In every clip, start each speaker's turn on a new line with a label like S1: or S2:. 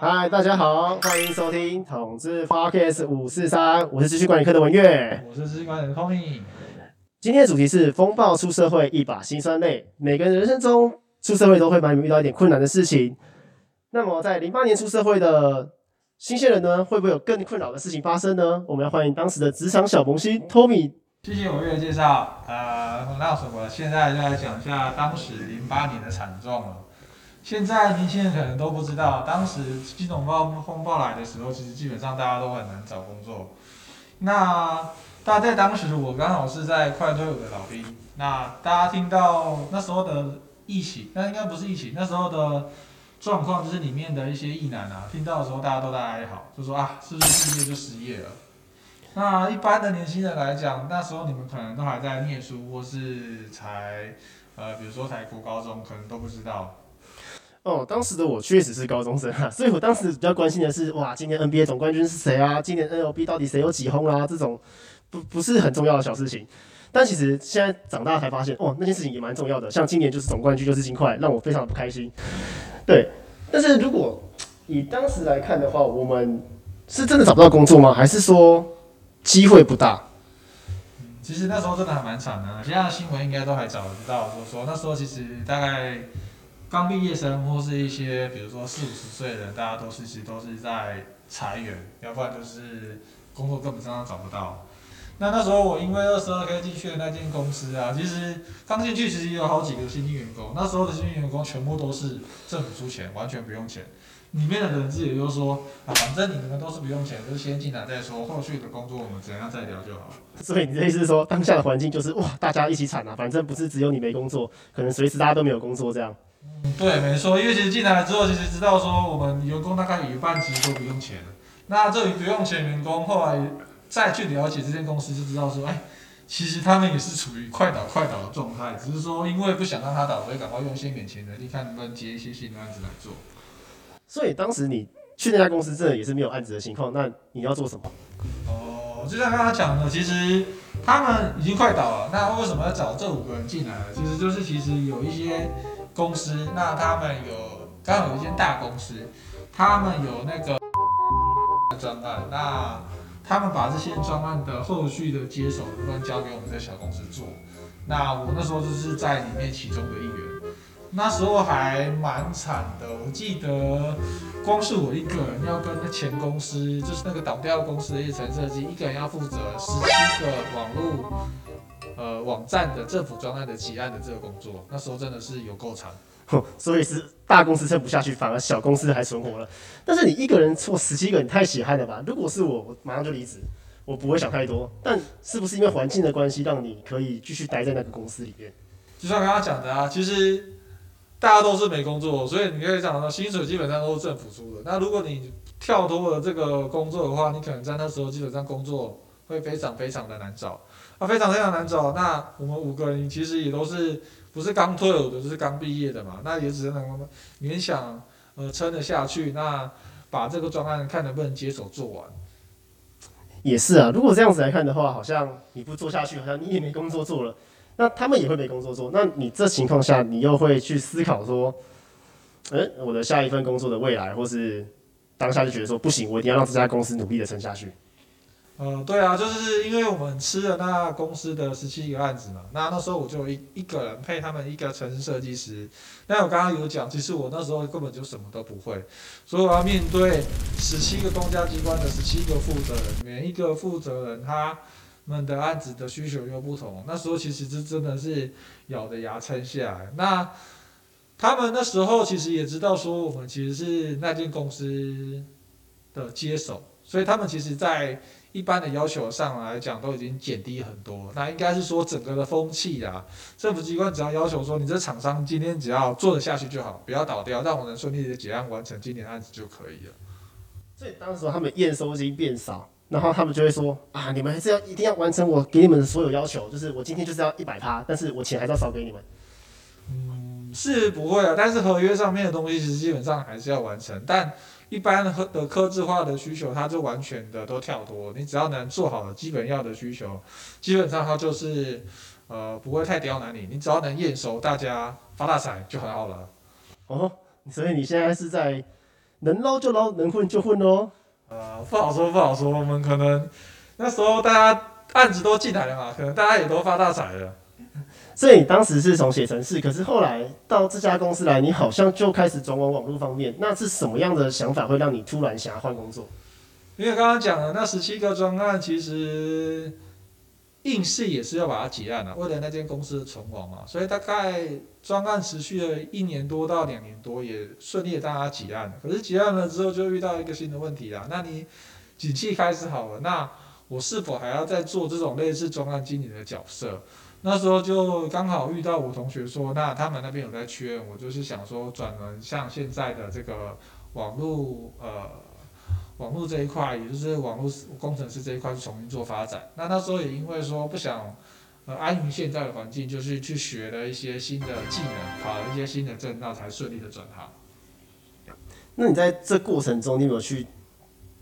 S1: 嗨，Hi, 大家好，歡迎收聽《PTC Focus 五四三》，我是知識管理科的文月，
S2: 我是知識管理的 Tommy。
S1: 今天的主題是“風暴出社會，一把辛酸淚”。每個人人生中出社會都會難免遇到一點困難的事情。那麼，在零八年出社會的新鮮人呢，會不會有更困擾的事情發生呢？我們要歡迎當時的職場小萌新 Tommy。
S2: 謝謝文月的介紹，呃，那我們現在就來講一下當時零八年的慘狀了。現在年輕人可能都不知道，當時金融風暴風暴來的時候，其實基本上大家都很難找工作。那大家在當時，我剛好是在快退伍的老兵，那大家聽到那時候的疫情，那應該不是疫情，那時候的狀況就是裡面的一些役男啊，聽到的時候大家都在哀嚎，就說啊，是不是畢業就失業了？那一般的年輕人來講，那時候你們可能都還在念書，或是才呃，比如說才讀高中，可能都不知道。哦，當時的我確實是高中生哈、啊，所以我
S1: 當時比較關心的是，哇，今年 NBA 總冠軍是誰啊？今年 MLB 到底誰有幾轟啊？這種不不是很重要的小事情。但其實現在長大才發現，哦，那件事情也蠻重要的。像今年就是總冠軍就是金塊，讓我非常的不開心。對，但是如果
S2: 以當時來看的話，我們
S1: 是真的找不到工作嗎？還是說機會不大、嗯？
S2: 其實那時候真的還蠻慘的，其他的新聞應該都還找得到我,我說，那時候其實大概。剛畢業生或是一些，比如說四五十歲的人，大家都是其實都是在裁員，要不然就是工作根本上找不到。那那時候我因為二十二 K 進去的那間公司啊，其實剛進去其實也有好幾個新進員工，那時候的新進員工全部都是政府出錢，完全不用錢。裡面的人資也就是說，啊，反正你們都是不用錢，就先進來再說，後續的工作我們怎樣再聊就好。所以你這意思是說，當下的環境就是哇，大家一起慘啊，反正不是只有你
S1: 沒工作，可能隨時大家都沒有工作這樣。
S2: 嗯，對，沒錯，因為其實進來之後，其實知道說我們員工大概有一半其實都不用錢。那這裡不用錢員工，後來再去了解這間公司，就知道說，哎、欸，其實他們也是處於快倒快倒的狀態，只是說因為不想讓他倒，所以趕快用先給錢的。你看能不能接一些新的案子來做？
S1: 所以當時你去那家公司，這也是沒有案子的情況，那你要做什麼？哦，
S2: 就像剛剛講的，其實他們已經快倒了，那為什麼要找這五個人進來？其實就是其實有一些。公司，那他們有，剛好有一間大公司，他們有那個專案，那他們把這些專案的後續的接手的部分交給我們這小公司做，那我那時候就是在裡面其中的一員，那時候還蠻慘的。我記得光是我一個人要跟那前公司，就是那個倒掉公司的一層設計，一個人要負責十七個網路，呃，網站的政府專案的起案的這個工作，那時候真的是有夠長，所以是大公司撐不下去，反而小公司還
S1: 存活了。但是你一個人做十七個人，你太血汗了吧？如果是我，我馬上就離職，我不會想太多。但是不是因為環境的關係，讓你可以繼續待在那個公司裡面？
S2: 就像剛剛講的啊，其實大家都是沒工作，所以你可以想到薪水基本上都是政府出的。那如果你跳脫了這個工作的話，你可能在那時候基本上工作會非常非常的難找。啊，非常非常難找。那我們五個人其實也都是不是剛退伍的，就是剛畢業的嘛。那也只能勉強呃撐得下去。那把這個專案看能不能接手做完。也是啊，如果這樣子來看的話，好
S1: 像你不做下去，好像你也沒工作做了。那他們也會沒工作做。那你這情況下，你又會去思考說，嗯、欸，我的下一份工作的未來，或是當下就覺得說不行，我一定要讓這家公司努力的撐下去。
S2: 呃，對啊，就是因為我們吃了那公司的十七個案子嘛，那那時候我就一一個人配他們一個城市設計師。那我剛剛有講，其實我那時候根本就什麼都不會，所以我要面對十七個公家機關的十七個負責人，每一個負責人他們的案子的需求又不同。那時候其實是真的是咬着牙撐下來。那他們那時候其實也知道說，我們其實是那間公司的接手，所以他們其實在。一般的要求上來講都已經減低很多，那應該是說整個的風氣啊，政府機關只要要求說你這廠商今天只要做得下去就好，不要倒掉，讓我能順利的結案完成今年案子就可以了。所以當時他們驗收金變少，然後他們就會說啊，
S1: 你們還是要一定要完成我給你們的所有要求，就是我今天就是要一百趴，但是我錢還是要少給你們。
S2: 嗯，是不會啊，但是合約上面的東西其實基本上還是要完成，但。一般的客製化的需求，它就完全的都跳脫。你只要能做好的基本要的需求，基本上它就是呃不會太刁難你。你只要能驗收，大家發大財就很好了。
S1: 哦，所以你現在是在能撈就撈，能混就混哦，呃，不好說，不好說。我們可能那時候
S2: 大家案子都進來了嘛，可能大家也都發大財了。所以當時是從寫程式，可是後來
S1: 到這家公司來，你好像就開始轉往網絡方面。那是什麼樣的想法會讓你突然想要換工作？
S2: 因為剛剛講的那十七個專案，其實硬是也是要把它結案了，為了那間公司存亡嘛。所以大概專案持續了一年多到兩年多，也順利的大家結案了。可是結案了之後，就遇到一個新的問題了，那你景氣開始好了，那我是否還要再做這種類似專案經理的角色？那時候就剛好遇到我同學說，那他們那邊有在缺，我就是想說轉輪像現在的這個網絡呃網絡這一塊，也就是網絡工程師這一塊重新做發展。那那時候也因為說不想、呃、安於現在的環境，就是去學了一些新的技能，考了一些新的證，那才順利的轉行。
S1: 那你在這過程中，你有沒有去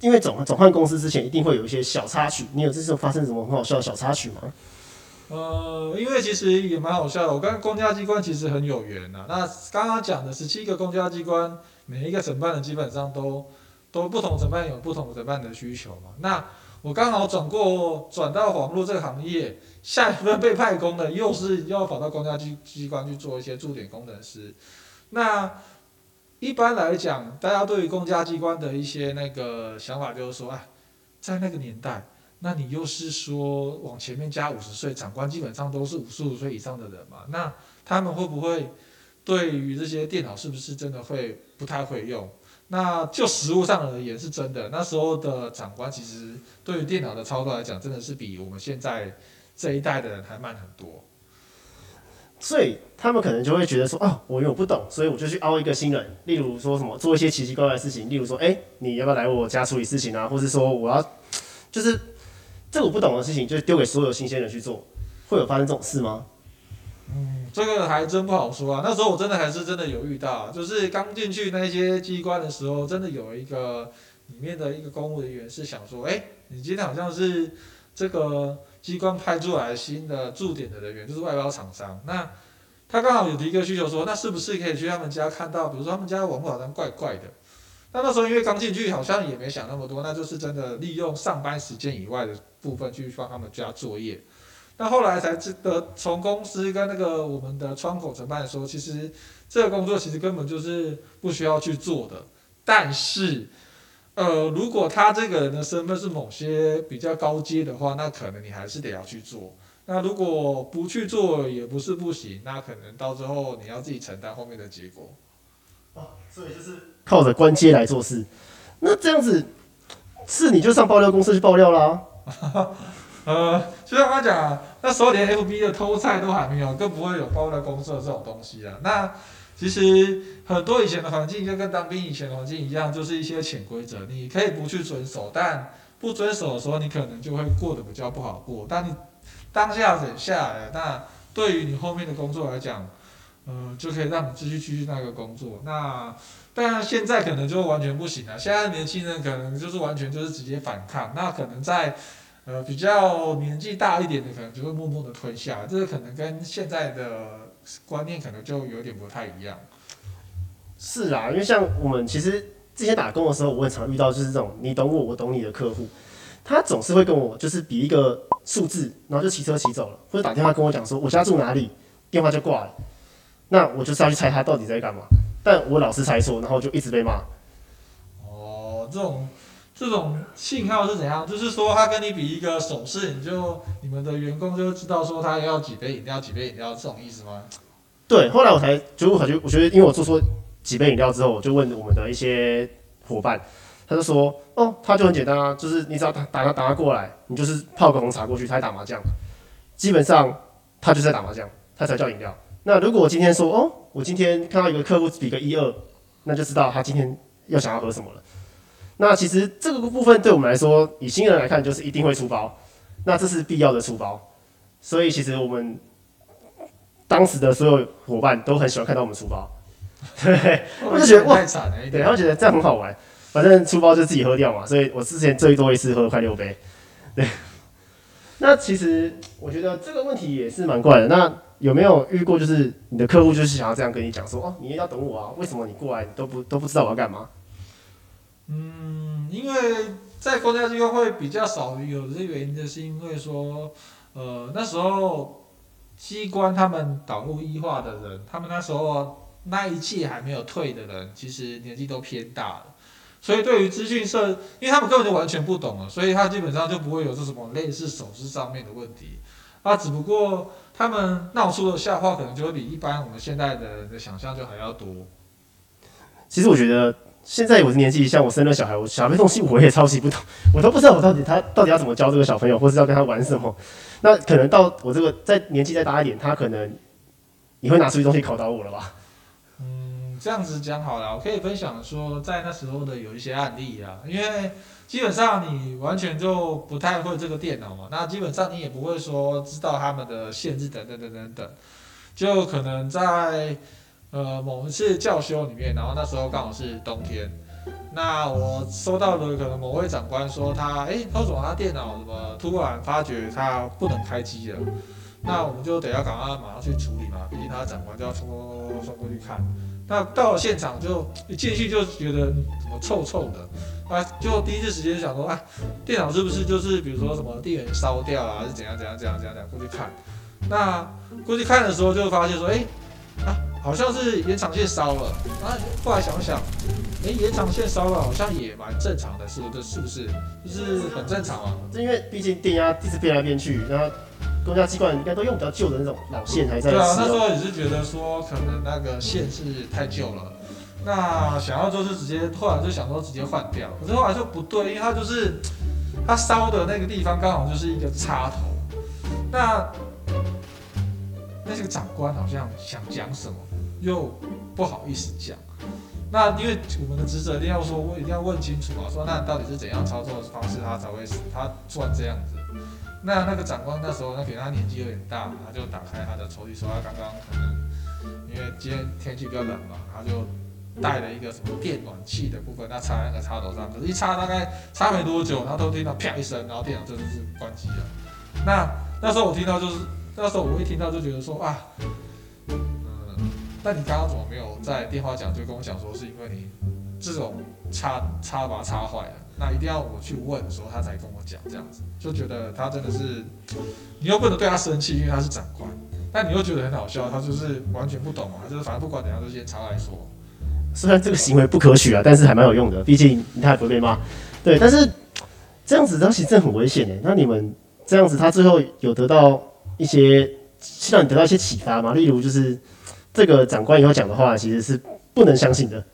S1: 因為轉轉換公司之前，一定會有一些小插曲，你有這時候發生什麼很好笑的小插曲嗎？
S2: 呃，因為其實也蠻好笑的，我跟公家機關其實很有緣啊。那剛剛講的十七個公家機關，每一個承辦的基本上都都不同，承辦有不同承辦的需求嘛。那我剛好轉過轉到網絡這個行業，下一份被派工的又是要跑到公家機機關去做一些駐點工程師。那一般來講，大家對於公家機關的一些那個想法，就是說啊，在那個年代。那你又是說往前面加五十歲長官，基本上都是五十五歲以上的人嘛？那他們會不會對於這些電腦是不是真的會不太會用？那就實務上而言是真的，那時候的長官其實對於電腦的操作來講，真的是比我們現在這一代的人還慢很多，所以
S1: 他們可能就會覺得說：哦，我有不懂，所以我就去凹一個新人。例如說什麼做一些奇奇怪怪的事情，例如說：誒、欸，你要不要來我家處理事情啊？或者是說我要就是。這
S2: 我不懂的事情，就是丟給所有新鮮人去做，會有發生這種事嗎？嗯，這個還真不好說啊。那時候我真的還是真的有遇到，就是剛進去那些機關的時候，真的有一個裡面的一個公務人員是想說，哎，你今天好像是這個機關派出來的新的駐點的人員，就是外包廠商。那他剛好有提一個需求說，那是不是可以去他們家看到，比如說他們家的網絡好像怪怪的。那那時候因為剛進去，好像也沒想那麼多，那就是真的利用上班時間以外的部分去幫他們加作業。那後來才知道，從公司跟那個我們的窗口承辦說，其實這個工作其實根本就是不需要去做的。但是，呃，如果他這個人的身份是某些比較高階的話，那可能你還是得要去做。那如果不去做也不是不行，那可能到最後你要自己承擔後面的結果。啊，所以就是。靠着官階
S1: 來做事，那這樣子是你就上爆料公司去爆料啦？
S2: 呃，就像剛剛講，啊，那時候連 FB 的偷菜都還沒有，更不會有爆料公司的這種東西了，啊。那其實很多以前的環境就跟當兵以前的環境一樣，就是一些潛規則，你可以不去遵守，但不遵守的時候，你可能就會過得比較不好過。但你當下忍下來了，那對於你後面的工作來講，嗯，就可以讓你繼續繼續那個工作。那但現在可能就完全不行了。現在年輕人可能就是完全就是直接反抗。那可能在呃比較年紀大一點的可能就會默默的吞下。這個可能跟現在的觀念可能就有點不太一樣。是啊，因為
S1: 像我們其實之前打工的時候，我也常遇到就是這種你懂我，我懂你的客戶，他總是會跟我就是比一個數字，然後就騎車騎走了，或者打電話跟我講說我家住哪裡，電話就掛了。那我就是要去猜他到底在幹嘛，
S2: 但我老是猜錯，然後就一直被罵。哦，這種這種信號是怎樣？就是說他跟你比一個手勢，你就你們的員工就知道說他要幾杯飲料，幾杯飲料，這種意思嗎？
S1: 對，後來我才就我就我覺得，因為我做錯幾杯飲料之後，我就問我們的一些夥伴，他就說，哦，他就很簡單啊，就是你只要打打他打他過來，你就是泡個紅茶過去，他在打麻將，基本上他就是在打麻將，他才叫飲料。那如果我今天說，哦，我今天看到有個客戶比個一二，那就知道他今天要想要喝什麼了。那其實這個部分對我們來說，以新人來看就是一定會出包，那這是必要的出包。所以其實我們當時的所有伙伴都很喜歡看到我們出包，
S2: 對，我、哦、就覺得、啊、哇，對，
S1: 然後覺得這樣很好玩。反正出包就自己喝掉嘛，所以我之前最多一次喝了快六杯。對，那其實我覺得這個問題也是蠻怪的。那有沒有遇過，就是你的客戶就是想要這樣跟你講說，哦，你也要等我啊？為什麼你過來你都不都不知道我要幹嘛？
S2: 嗯，因為在國家機構會比較少，有一個原因，就是因為說，呃，那時候機關他們導入異化的人，他們那時候那一屆還沒有退的人，其實年紀都偏大了，所以對於資訊社，因為他們根本就完全不懂了，所以他基本上就不會有這什麼類似手勢上面的問題。啊，只不過他們鬧出的笑話可能就會比一般我們現在的的想象就還要多。
S1: 其實我覺得現在我的年紀，像我生了小孩，我小孩的東西我也抄襲不懂，我都不知道我到底他到底要怎麼教這個小朋友，或是要跟他玩什麼。那可能到我這個再年紀再大一點，他可能也會拿出一些東西考倒我了吧？
S2: 這樣子講好了，我可以分享說，在那時候的有一些案例啊，因為基本上你完全就不太會這個電腦嘛，那基本上你也不會說知道他們的限制等等等等等，就可能在呃某一次教修裡面，然後那時候剛好是冬天，那我收到的可能某位長官說他誒，科總他電腦怎麼突然發覺他不能開機了，那我們就得要趕快馬上去處理嘛，畢竟他的長官就要送送過去看。那到了現場就一進去就覺得怎麼臭臭的，啊，就第一次時間就想說，啊，電腦是不是就是比如說什麼電源燒掉啊，是怎樣怎樣怎樣怎樣？過去看，那過去看的時候就發現說，哎，啊，好像是延長線燒了，啊，後來想想，誒，延長線燒了好像也蠻正常的，是不是？這是不是就是很正常啊？
S1: 因為畢竟電壓一直變來變去，然後。多家機關應該都用比較舊的那種老線還在。對啊，那時候也
S2: 是覺得說可能那個線是太舊了，是那想要做就直接後來就想說直接換掉，可是後來就不對，因為他就是他燒的那個地方剛好就是一個插頭，那那這個長官好像想講什麼又不好意思講，那因為我們的職責一定要說我一定要問清楚啊，說那你到底是怎樣操作的方式他才會死，他轉這樣子。那那個長官那時候，那給他年紀有點大，他就打開他的抽屜，說他剛剛可能因為今天天氣比較冷嘛，他就帶了一個什麼電暖器的部分，那插在那個插頭上，可、就是一插大概插沒多久，然後都聽到啪一聲，然後電腦真的是關機了。那那時候我聽到就是那時候我一聽到就覺得說啊，嗯，那你剛剛怎麼沒有在電話講，就跟我講說是因為你這種插插把插壞了？那一定要我去問的時候，他才跟我講，這樣子就覺得他真的是，你又不能對他生氣，因為他是長官，但你又覺得很好笑，他就是完全不懂嘛，就是反正不管怎樣都先查來說，
S1: 雖然這個行為不可取啊，但是還蠻有用的，畢竟你他也不會被罵，對，但是這樣子他其實真的很危險的。那你們這樣子，他最後有得到一些希望你得到一些啟發嗎？例如就是這個長官以後講的話，其實是不能相信的。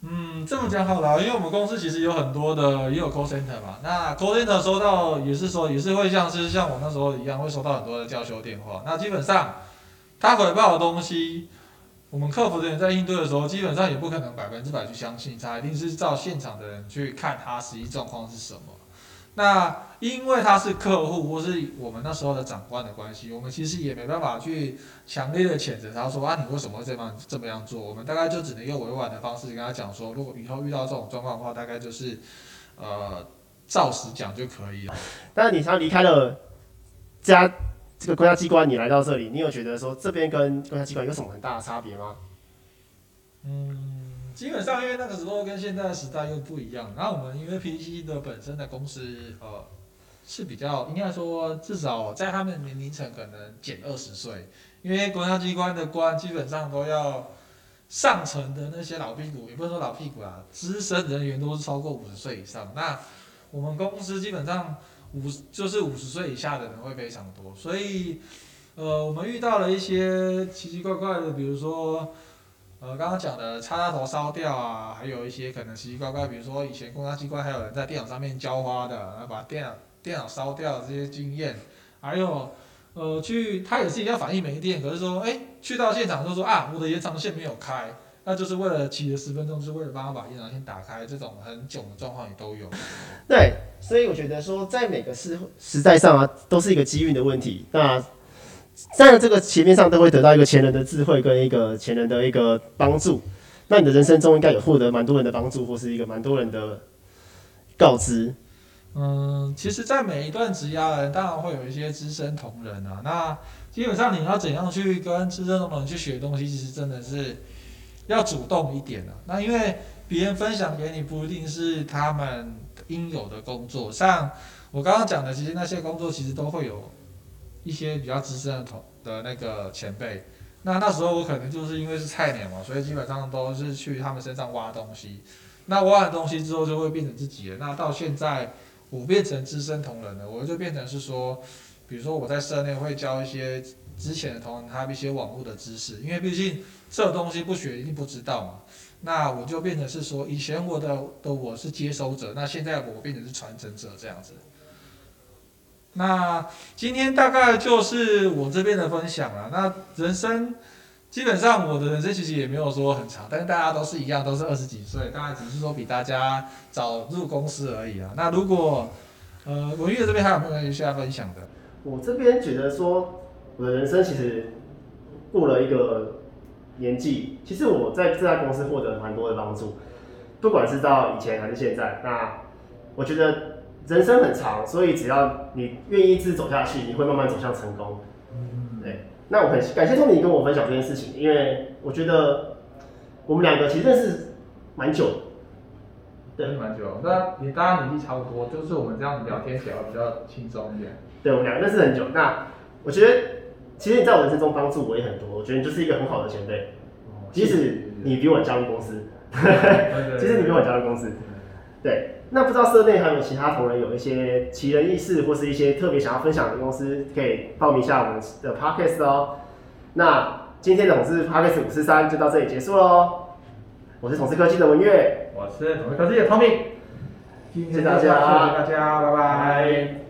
S2: 嗯，這麼講好了啊，因為我們公司其實有很多的，也有 call center 嘛。那 call center 收到也是說也是會像是像我那時候一樣，會收到很多的叫修電話。那基本上，他回報的東西，我們客服的人在應對的時候，基本上也不可能百分之百去相信，他一定是照現場的人去看他實際狀況是什麼。那因為他是客戶或是我們那時候的長官的關係，我們其實也沒辦法去強烈的譴責他說啊，你為什麼會這麼這麼樣做？我們大概就只能用委婉的方式跟他講說，如果以後遇到這種狀況的話，大概就是，呃，照實講就可以了。
S1: 但是你像離開了家
S2: 這個國家機關，你來到這裡，你有覺得說這邊跟國家機關有什麼很大的差別嗎？嗯。基本上因為那個時候跟現在的時代又不一樣，那我們因為 PTC 的本身的公司呃是比較應該說，至少在他們年齡層可能減二十歲，因為國家機關的官基本上都要上層的那些老屁股，也不能說老屁股啊，資深人員都是超過五十歲以上。那我們公司基本上五就是五十歲以下的人會非常多，所以呃我們遇到了一些奇奇怪怪的，比如說。呃，剛剛講的插頭燒掉啊，還有一些可能奇奇怪怪，比如說以前公家機關還有人在電腦上面澆花的，然後把電腦電腦燒掉這些經驗，還有，呃，去他也是一樣反應沒電，可是說，哎，去到現場就說啊，我的延長線沒有開，那就是為了騎了十分鐘，就是為了幫他把延長線打開，這種很囧的狀況也都有。對，所以我覺得說，在每個時時代上啊，
S1: 都是一個機運的問題。那。站在這個斜面上，都會得到一個前人的智慧跟一個前人的一個幫助。那你的人生中應該有獲得蠻多人的幫助，或是一個蠻多人的告知。
S2: 嗯，其實，在每一段職涯的人，當然會有一些資深同仁啊。那基本上，你要怎樣去跟資深同仁去學的東西，其實真的是要主動一點的啊。那因為別人分享給你，不一定是他們應有的工作。像我剛剛講的，其實那些工作其實都會有。一些比較資深的同的那個前輩，那那時候我可能就是因為是菜鳥嘛，所以基本上都是去他們身上挖東西。那挖完東西之後就會變成自己的。那到現在，我變成資深同仁了，我就變成是說，比如說我在社內會教一些之前的同仁，還有一些網絡的知識，因為畢竟這東西不學一定不知道嘛。那我就變成是說，以前我的我的我是接收者，那現在我變成是傳承者這樣子。那今天大概就是我這邊的分享了。那人生基本上我的人生其實也沒有說很長，但是大家都是一樣，都是二十幾歲，當然只是說比大家早入公司而已啊。那如果呃文玉這邊還有沒有需要分享的？
S1: 我這邊覺得說我的人生其實過了一個年紀，其實我在這家公司獲得蠻多的幫助，不管是到以前還是現在。那我覺得。人生很長，所以只要你願意一直走下去，你會慢慢走向成功。嗯，
S2: 對。
S1: 那我很感謝 Tony 跟我分享這件事情，因為我覺得我們兩個其實認識蠻久的。對，蠻久。那你
S2: 大家年紀差不多，就是我們這樣子聊天起來比較輕鬆一點。對，我們兩個認識很久。那我覺得，
S1: 其實你在我人生中幫助我也很多。我覺得你就是一個很好的前輩。即使你比我的加入公司，哈哈、哦。其實 你比我的加入公司，對，對，對，對，對。對那不知道社內還有其他同仁有一些奇人異事或是一些特別想要分享的公司，可以報名一下我們的 Podcast 哦。那今天的董事 Podcast 五四三就到這裡結束嘍、哦。我是董事科技的文月，我是董
S2: 事科技的 Tommy。謝謝大家，謝謝大家，拜拜。